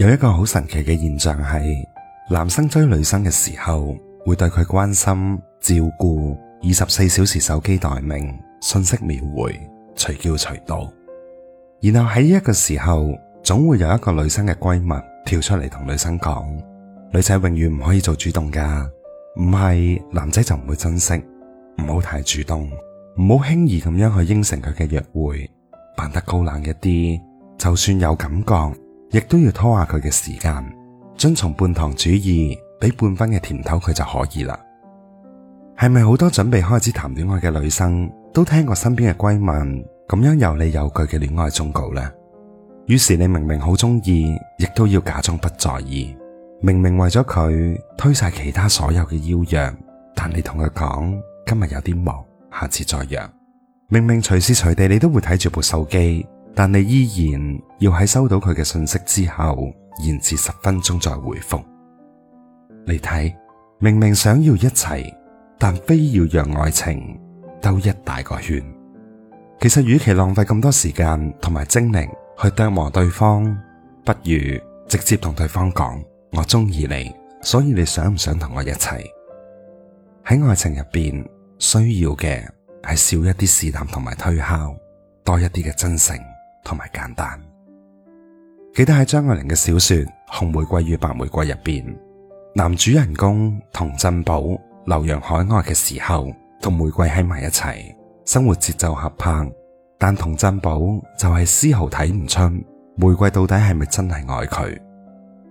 有一個好神奇嘅現象係，男生追女生嘅時候會對佢關心照顧，二十四小時手機待命，信息秒回，隨叫隨到。然後喺一個時候，總會有一個女生嘅閨蜜跳出嚟同女生講：女仔永遠唔可以做主動噶，唔係男仔就唔會珍惜。唔好太主動，唔好輕易咁樣去應承佢嘅約會，扮得高冷一啲，就算有感覺。亦都要拖下佢嘅時間，遵從半糖主義，俾半分嘅甜頭佢就可以啦。係咪好多準備開始談戀愛嘅女生都聽過身邊嘅閨蜜咁樣有理有據嘅戀愛忠告呢？於是你明明好中意，亦都要假裝不在意，明明為咗佢推晒其他所有嘅邀約，但你同佢講：今日有啲忙，下次再約。明明隨時隨地你都會睇住部手機。但你依然要喺收到佢嘅信息之後，延遲十分鐘再回覆。你睇，明明想要一齊，但非要讓愛情兜一大個圈。其實與其浪費咁多時間同埋精力去琢磨對方，不如直接同對方講：我中意你，所以你想唔想同我一齊？喺愛情入邊，需要嘅係少一啲試探同埋推敲，多一啲嘅真誠。同埋簡單，記得喺張愛玲嘅小說《紅玫瑰與白玫瑰》入邊，男主人公佟振保留洋海外嘅時候，同玫瑰喺埋一齊，生活節奏合拍，但佟振保就係絲毫睇唔出玫瑰到底係咪真係愛佢，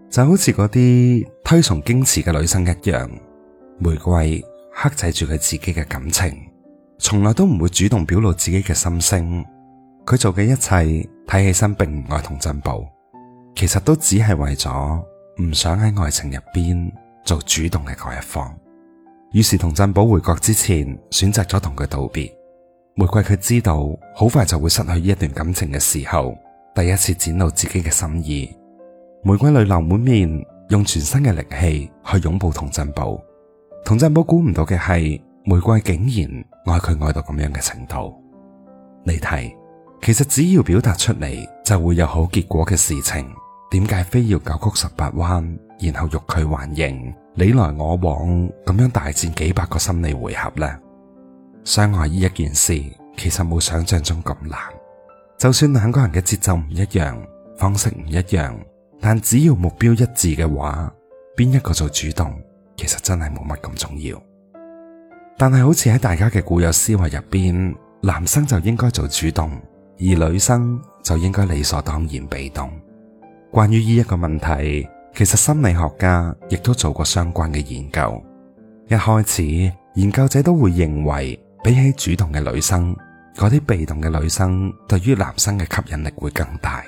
就好似嗰啲推崇矜持嘅女生一樣，玫瑰克制住佢自己嘅感情，從來都唔會主動表露自己嘅心聲。佢做嘅一切睇起身並唔愛童振寶，其實都只係為咗唔想喺愛情入邊做主動嘅嗰一方。於是童振寶回國之前，選擇咗同佢道別。玫瑰佢知道好快就會失去呢一段感情嘅時候，第一次展露自己嘅心意。玫瑰淚流滿面，用全身嘅力氣去擁抱童振寶。童振寶估唔到嘅係，玫瑰竟然愛佢愛到咁樣嘅程度。你睇。其實只要表達出嚟就會有好結果嘅事情，點解非要九曲十八彎，然後欲拒還迎，你來我往咁樣大戰幾百個心理回合呢？相愛呢一件事其實冇想象中咁難，就算兩個人嘅節奏唔一樣，方式唔一樣，但只要目標一致嘅話，邊一個做主動，其實真係冇乜咁重要。但係好似喺大家嘅固有思維入邊，男生就應該做主動。而女生就應該理所當然被動。關於呢一個問題，其實心理學家亦都做過相關嘅研究。一開始，研究者都會認為，比起主動嘅女生，嗰啲被動嘅女生對於男生嘅吸引力會更大，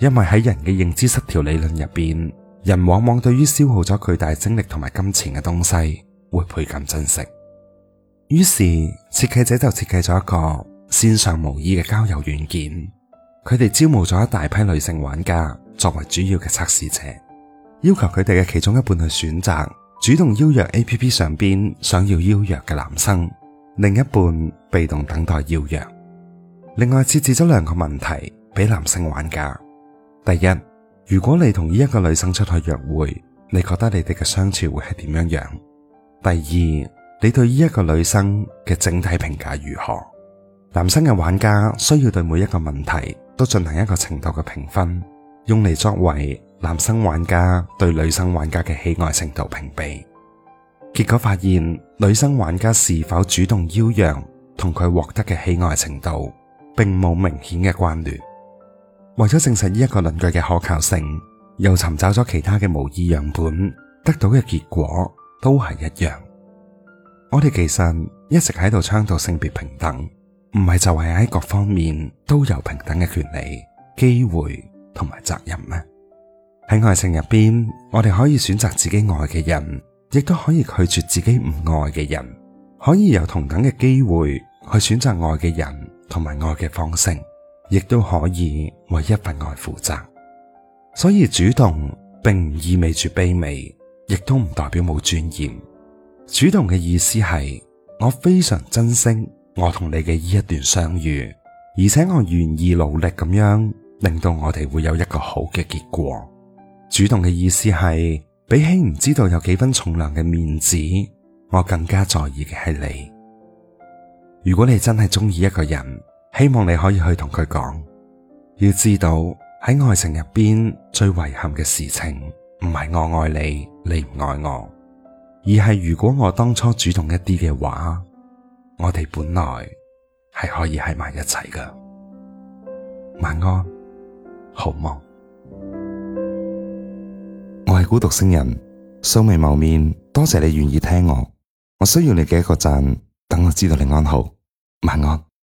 因為喺人嘅認知失調理論入邊，人往往對於消耗咗巨大精力同埋金錢嘅東西會倍感珍惜。於是，設計者就設計咗一個。線上無意嘅交友軟件，佢哋招募咗一大批女性玩家作為主要嘅測試者，要求佢哋嘅其中一半去選擇主動邀約 APP 上邊想要邀約嘅男生，另一半被動等待邀約。另外設置咗兩個問題俾男性玩家：第一，如果你同呢一個女生出去約會，你覺得你哋嘅相處會係點樣樣？第二，你對呢一個女生嘅整體評價如何？男生嘅玩家需要對每一個問題都進行一個程度嘅評分，用嚟作為男生玩家對女生玩家嘅喜愛程度評比。結果發現，女生玩家是否主動邀約同佢獲得嘅喜愛程度，並冇明顯嘅關聯。為咗證實呢一個論據嘅可靠性，又尋找咗其他嘅模擬樣本，得到嘅結果都係一樣。我哋其實一直喺度倡導性別平等。唔係就係喺各方面都有平等嘅權利、機會同埋責任咩？喺愛情入邊，我哋可以選擇自己愛嘅人，亦都可以拒絕自己唔愛嘅人。可以有同等嘅機會去選擇愛嘅人同埋愛嘅方式，亦都可以為一份愛負責。所以主動並唔意味住卑微，亦都唔代表冇尊嚴。主動嘅意思係我非常珍惜。我同你嘅呢一段相遇，而且我願意努力咁樣令到我哋會有一個好嘅結果。主動嘅意思係，比起唔知道有幾分重量嘅面子，我更加在意嘅係你。如果你真係中意一個人，希望你可以去同佢講。要知道喺愛情入邊最遺憾嘅事情，唔係我愛你，你唔愛我，而係如果我當初主動一啲嘅話。我哋本來係可以喺埋一齊㗎，晚安，好夢。我係孤獨星人，素未謀面，多謝你願意聽我。我需要你嘅一個讚，等我知道你安好。晚安。